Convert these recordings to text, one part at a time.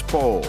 Spor.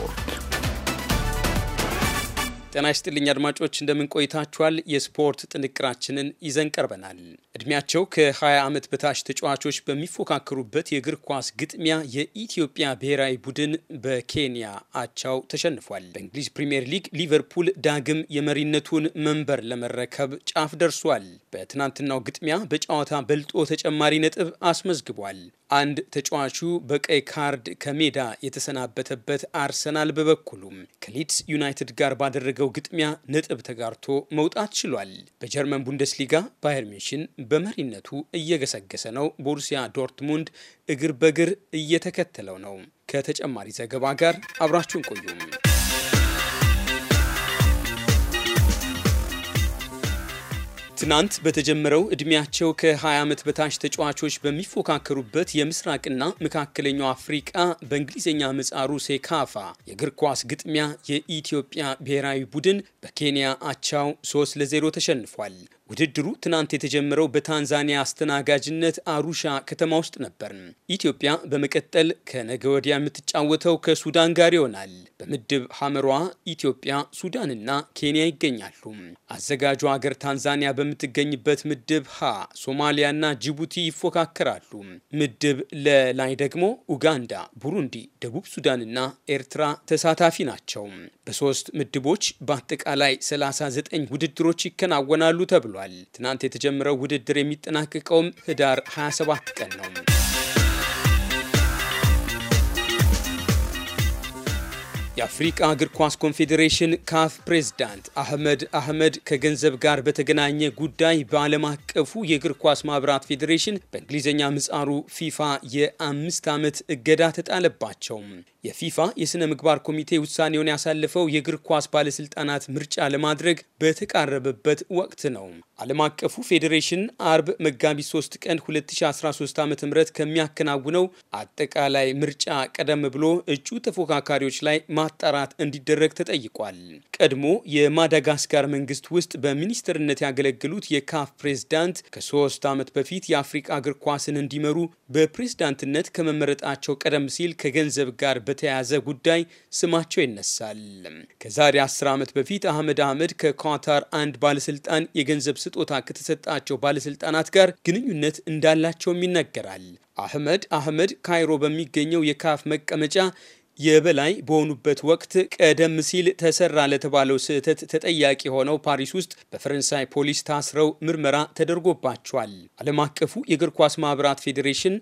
ጤና ይስጥልኝ አድማጮች፣ እንደምን ቆይታችኋል? የስፖርት ጥንቅራችንን ይዘን ቀርበናል። እድሜያቸው ከ20 ዓመት በታች ተጫዋቾች በሚፎካከሩበት የእግር ኳስ ግጥሚያ የኢትዮጵያ ብሔራዊ ቡድን በኬንያ አቻው ተሸንፏል። በእንግሊዝ ፕሪምየር ሊግ ሊቨርፑል ዳግም የመሪነቱን መንበር ለመረከብ ጫፍ ደርሷል። በትናንትናው ግጥሚያ በጨዋታ በልጦ ተጨማሪ ነጥብ አስመዝግቧል። አንድ ተጫዋቹ በቀይ ካርድ ከሜዳ የተሰናበተበት አርሰናል በበኩሉም ከሊድስ ዩናይትድ ጋር ባደረገ ከተደረገው ግጥሚያ ነጥብ ተጋርቶ መውጣት ችሏል። በጀርመን ቡንደስሊጋ ባየር ሚንሽን በመሪነቱ እየገሰገሰ ነው። ቦሩሲያ ዶርትሙንድ እግር በእግር እየተከተለው ነው። ከተጨማሪ ዘገባ ጋር አብራችሁን ቆዩም ትናንት በተጀመረው እድሜያቸው ከ20 ዓመት በታች ተጫዋቾች በሚፎካከሩበት የምስራቅና መካከለኛው አፍሪቃ በእንግሊዝኛ ምጻሩ ሴካፋ የእግር ኳስ ግጥሚያ የኢትዮጵያ ብሔራዊ ቡድን በኬንያ አቻው 3 ለ0 ተሸንፏል። ውድድሩ ትናንት የተጀመረው በታንዛኒያ አስተናጋጅነት አሩሻ ከተማ ውስጥ ነበር። ኢትዮጵያ በመቀጠል ከነገ ወዲያ የምትጫወተው ከሱዳን ጋር ይሆናል። በምድብ ሐመሯ ኢትዮጵያ፣ ሱዳንና ኬንያ ይገኛሉ። አዘጋጁ ሀገር ታንዛኒያ በምትገኝበት ምድብ ሀ ሶማሊያና ጅቡቲ ይፎካከራሉ። ምድብ ለላይ ደግሞ ኡጋንዳ፣ ቡሩንዲ፣ ደቡብ ሱዳንና ኤርትራ ተሳታፊ ናቸው። በሶስት ምድቦች በአጠቃላይ 39 ውድድሮች ይከናወናሉ ተብሏል። ተናግረዋል። ትናንት የተጀመረው ውድድር የሚጠናቀቀውም ህዳር 27 ቀን ነው። የአፍሪቃ እግር ኳስ ኮንፌዴሬሽን ካፍ ፕሬዝዳንት አህመድ አህመድ ከገንዘብ ጋር በተገናኘ ጉዳይ በዓለም አቀፉ የእግር ኳስ ማህበራት ፌዴሬሽን በእንግሊዝኛ ምጻሩ ፊፋ የአምስት ዓመት እገዳ ተጣለባቸው። የፊፋ የሥነ ምግባር ኮሚቴ ውሳኔውን ያሳለፈው የእግር ኳስ ባለሥልጣናት ምርጫ ለማድረግ በተቃረበበት ወቅት ነው። ዓለም አቀፉ ፌዴሬሽን አርብ መጋቢት 3 ቀን 2013 ዓ ም ከሚያከናውነው አጠቃላይ ምርጫ ቀደም ብሎ እጩ ተፎካካሪዎች ላይ ማ ማጣራት እንዲደረግ ተጠይቋል። ቀድሞ የማዳጋስካር መንግስት ውስጥ በሚኒስትርነት ያገለግሉት የካፍ ፕሬዝዳንት ከሶስት ዓመት በፊት የአፍሪቃ እግር ኳስን እንዲመሩ በፕሬዝዳንትነት ከመመረጣቸው ቀደም ሲል ከገንዘብ ጋር በተያያዘ ጉዳይ ስማቸው ይነሳል። ከዛሬ አስር ዓመት በፊት አህመድ አህመድ ከኳታር አንድ ባለስልጣን የገንዘብ ስጦታ ከተሰጣቸው ባለስልጣናት ጋር ግንኙነት እንዳላቸውም ይነገራል። አህመድ አህመድ ካይሮ በሚገኘው የካፍ መቀመጫ የበላይ በሆኑበት ወቅት ቀደም ሲል ተሰራ ለተባለው ስህተት ተጠያቂ ሆነው ፓሪስ ውስጥ በፈረንሳይ ፖሊስ ታስረው ምርመራ ተደርጎባቸዋል። ዓለም አቀፉ የእግር ኳስ ማህበራት ፌዴሬሽን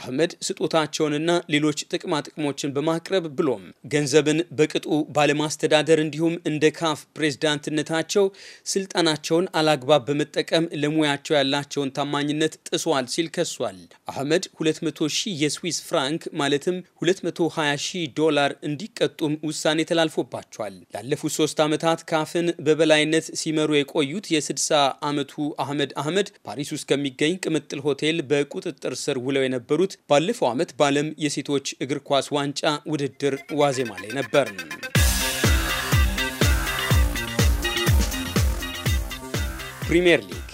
አህመድ ስጦታቸውንና ሌሎች ጥቅማ ጥቅሞችን በማቅረብ ብሎም ገንዘብን በቅጡ ባለማስተዳደር እንዲሁም እንደ ካፍ ፕሬዝዳንትነታቸው ስልጣናቸውን አላግባብ በመጠቀም ለሙያቸው ያላቸውን ታማኝነት ጥሷል ሲል ከሷል። አህመድ 200 ሺህ የስዊስ ፍራንክ ማለትም 220 ሺህ ዶላር እንዲቀጡም ውሳኔ ተላልፎባቸዋል። ላለፉት ሶስት ዓመታት ካፍን በበላይነት ሲመሩ የቆዩት የ60 ዓመቱ አህመድ አህመድ ፓሪስ ውስጥ ከሚገኝ ቅምጥል ሆቴል በቁጥጥር ስር ውለው የነበሩት ያሉት ባለፈው ዓመት በዓለም የሴቶች እግር ኳስ ዋንጫ ውድድር ዋዜማ ላይ ነበር። ፕሪምየር ሊግ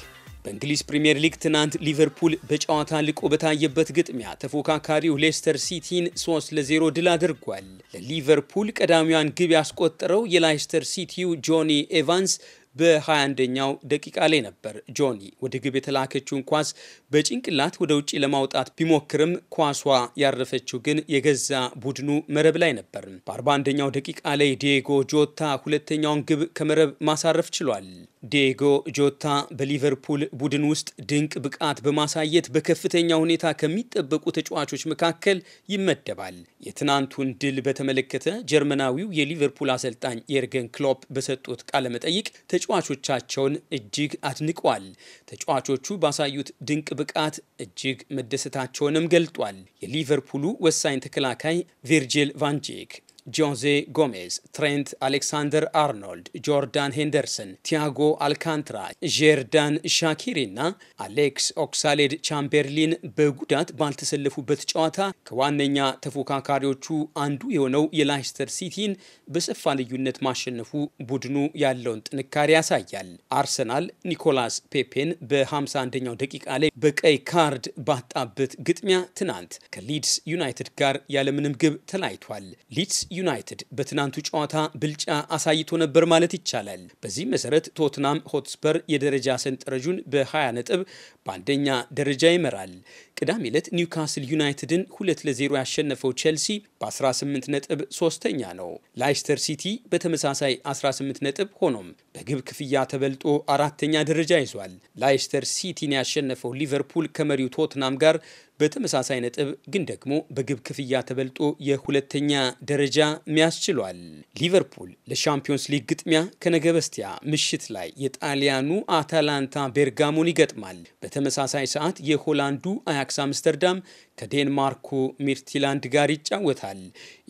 በእንግሊዝ ፕሪምየር ሊግ ትናንት ሊቨርፑል በጨዋታ ልቆ በታየበት ግጥሚያ ተፎካካሪው ሌስተር ሲቲን 3 ለ0 ድል አድርጓል። ለሊቨርፑል ቀዳሚዋን ግብ ያስቆጠረው የላይስተር ሲቲው ጆኒ ኤቫንስ በ21ኛው ደቂቃ ላይ ነበር። ጆኒ ወደ ግብ የተላከችውን ኳስ በጭንቅላት ወደ ውጭ ለማውጣት ቢሞክርም ኳሷ ያረፈችው ግን የገዛ ቡድኑ መረብ ላይ ነበር። 41 ደቂቃ ላይ ዲዬጎ ጆታ ሁለተኛውን ግብ ከመረብ ማሳረፍ ችሏል። ዲጎ ጆታ በሊቨርፑል ቡድን ውስጥ ድንቅ ብቃት በማሳየት በከፍተኛ ሁኔታ ከሚጠበቁ ተጫዋቾች መካከል ይመደባል። የትናንቱን ድል በተመለከተ ጀርመናዊው የሊቨርፑል አሰልጣኝ የርገን ክሎፕ በሰጡት ቃለመጠይቅ ተጫዋቾቻቸውን እጅግ አድንቀዋል። ተጫዋቾቹ ባሳዩት ድንቅ ብቃት እጅግ መደሰታቸውንም ገልጧል። የሊቨርፑሉ ወሳኝ ተከላካይ ቪርጂል ቫንጄክ ጆንዜ ጎሜዝ፣ ትሬንት አሌክሳንደር አርኖልድ፣ ጆርዳን ሄንደርሰን፣ ቲያጎ አልካንትራ፣ ጀርዳን ሻኪሪ እና አሌክስ ኦክሳሌድ ቻምበርሊን በጉዳት ባልተሰለፉበት ጨዋታ ከዋነኛ ተፎካካሪዎቹ አንዱ የሆነው የላይስተር ሲቲን በሰፋ ልዩነት ማሸነፉ ቡድኑ ያለውን ጥንካሬ ያሳያል። አርሰናል ኒኮላስ ፔፔን በ51ኛው ደቂቃ ላይ በቀይ ካርድ ባጣበት ግጥሚያ ትናንት ከሊድስ ዩናይትድ ጋር ያለምንም ግብ ተለያይቷል። ሊድስ ዩናይትድ በትናንቱ ጨዋታ ብልጫ አሳይቶ ነበር ማለት ይቻላል። በዚህ መሰረት ቶትናም ሆትስፐር የደረጃ ሰንጠረዡን በ20 ነጥብ በአንደኛ ደረጃ ይመራል። ቅዳሜ ዕለት ኒውካስል ዩናይትድን ሁለት ለዜሮ ያሸነፈው ቼልሲ በ18 ነጥብ ሶስተኛ ነው። ላይስተር ሲቲ በተመሳሳይ 18 ነጥብ ሆኖም በግብ ክፍያ ተበልጦ አራተኛ ደረጃ ይዟል። ላይስተር ሲቲን ያሸነፈው ሊቨርፑል ከመሪው ቶትናም ጋር በተመሳሳይ ነጥብ ግን ደግሞ በግብ ክፍያ ተበልጦ የሁለተኛ ደረጃ ሚያስችሏል። ሊቨርፑል ለሻምፒዮንስ ሊግ ግጥሚያ ከነገ በስቲያ ምሽት ላይ የጣሊያኑ አታላንታ ቤርጋሞን ይገጥማል። በተመሳሳይ ሰዓት የሆላንዱ አያክስ አምስተርዳም ከዴንማርኩ ሚርቲላንድ ጋር ይጫወታል።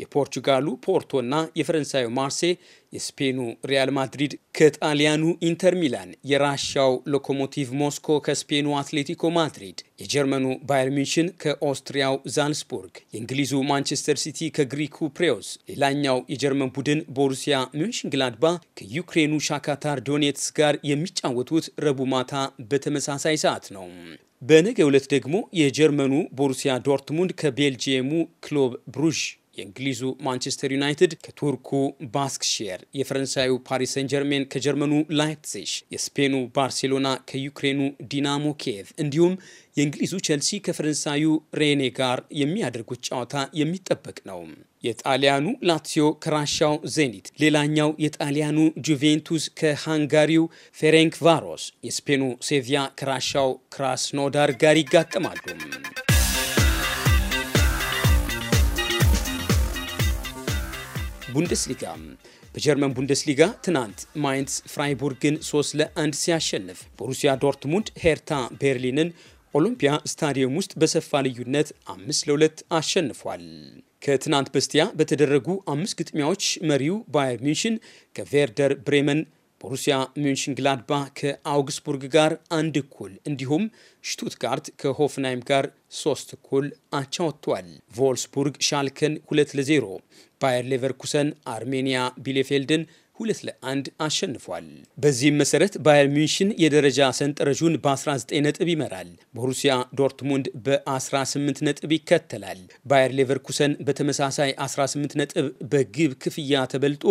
የፖርቹጋሉ ና የፈረንሳዩ ማርሴ፣ የስፔኑ ሪያል ማድሪድ ከጣሊያኑ ኢንተር ሚላን፣ የራሻው ሎኮሞቲቭ ሞስኮ ከስፔኑ አትሌቲኮ ማድሪድ የጀርመኑ ባየር ሚንሽን ከኦስትሪያው ዛልስቡርግ፣ የእንግሊዙ ማንቸስተር ሲቲ ከግሪኩ ፕሬዮስ፣ ሌላኛው የጀርመን ቡድን ቦሩሲያ ሚንሽንግላድባ ከዩክሬኑ ሻካታር ዶኔትስ ጋር የሚጫወቱት ረቡዕ ማታ በተመሳሳይ ሰዓት ነው። በነገ ዕለት ደግሞ የጀርመኑ ቦሩሲያ ዶርትሙንድ ከቤልጂየሙ ክሎብ ብሩዥ የእንግሊዙ ማንቸስተር ዩናይትድ ከቱርኩ ባስክሼር፣ የፈረንሳዩ ፓሪስ ሰን ጀርሜን ከጀርመኑ ላይፕሲሽ፣ የስፔኑ ባርሴሎና ከዩክሬኑ ዲናሞ ኬቭ እንዲሁም የእንግሊዙ ቼልሲ ከፈረንሳዩ ሬኔ ጋር የሚያደርጉት ጨዋታ የሚጠበቅ ነው። የጣሊያኑ ላትሲዮ ከራሻው ዜኒት፣ ሌላኛው የጣሊያኑ ጁቬንቱስ ከሃንጋሪው ፌሬንክ ቫሮስ፣ የስፔኑ ሴቪያ ከራሻው ክራስኖዳር ጋር ይጋጠማሉ። ቡንደስሊጋ በጀርመን ቡንደስሊጋ ትናንት ማይንስ ፍራይቡርግን 3 ለ1 ሲያሸንፍ ቦሩሲያ ዶርትሙንድ ሄርታ ቤርሊንን ኦሎምፒያ ስታዲየም ውስጥ በሰፋ ልዩነት 5 ለ2 አሸንፏል። ከትናንት በስቲያ በተደረጉ አምስት ግጥሚያዎች መሪው ባየር ሚንሽን ከቬርደር ብሬመን ቦሩሲያ ግላድባ ከአውግስቡርግ ጋር አንድ እኩል እንዲሁም ሽቱትጋርት ከሆፍንሃይም ጋር ሶስት እኩል አቻ ወጥቷል። ቮልስቡርግ ሻልከን ሁለት ለዜሮ ባየር ሌቨርኩሰን አርሜኒያ ቢሌፌልድን ሁለት ለአንድ አሸንፏል። በዚህም መሰረት ባየር ሚንሽን የደረጃ ሰንጠረዡን በ19 ነጥብ ይመራል። ቦሩሲያ ዶርትሙንድ በ18 ነጥብ ይከተላል። ባየር ሌቨርኩሰን በተመሳሳይ 18 ነጥብ በግብ ክፍያ ተበልጦ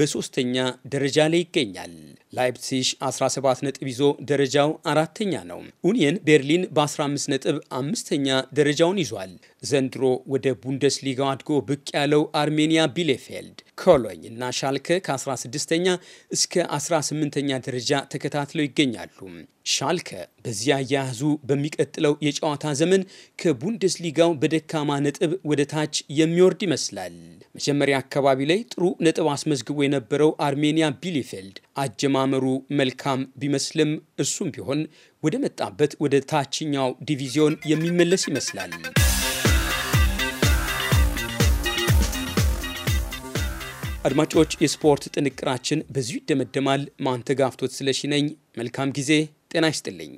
በሶስተኛ ደረጃ ላይ ይገኛል። ላይፕሲሽ 17 ነጥብ ይዞ ደረጃው አራተኛ ነው። ኡኒየን ቤርሊን በ15 ነጥብ አምስተኛ ደረጃውን ይዟል። ዘንድሮ ወደ ቡንደስሊጋው አድጎ ብቅ ያለው አርሜኒያ ቢሌፌልድ፣ ኮሎኝ እና ሻልከ ከ16ኛ እስከ 18ኛ ደረጃ ተከታትለው ይገኛሉ። ሻልከ በዚያ አያያዙ በሚቀጥለው የጨዋታ ዘመን ከቡንደስሊጋው በደካማ ነጥብ ወደ ታች የሚወርድ ይመስላል። መጀመሪያ አካባቢ ላይ ጥሩ ነጥብ አስመዝግቦ የነበረው አርሜኒያ ቢሊፌልድ አጀማመሩ መልካም ቢመስልም እሱም ቢሆን ወደ መጣበት ወደ ታችኛው ዲቪዚዮን የሚመለስ ይመስላል። አድማጮች፣ የስፖርት ጥንቅራችን በዚሁ ይደመደማል። ማንተጋፍቶት ስለሺ ነኝ። መልካም ጊዜ። ጤና ይስጥልኝ።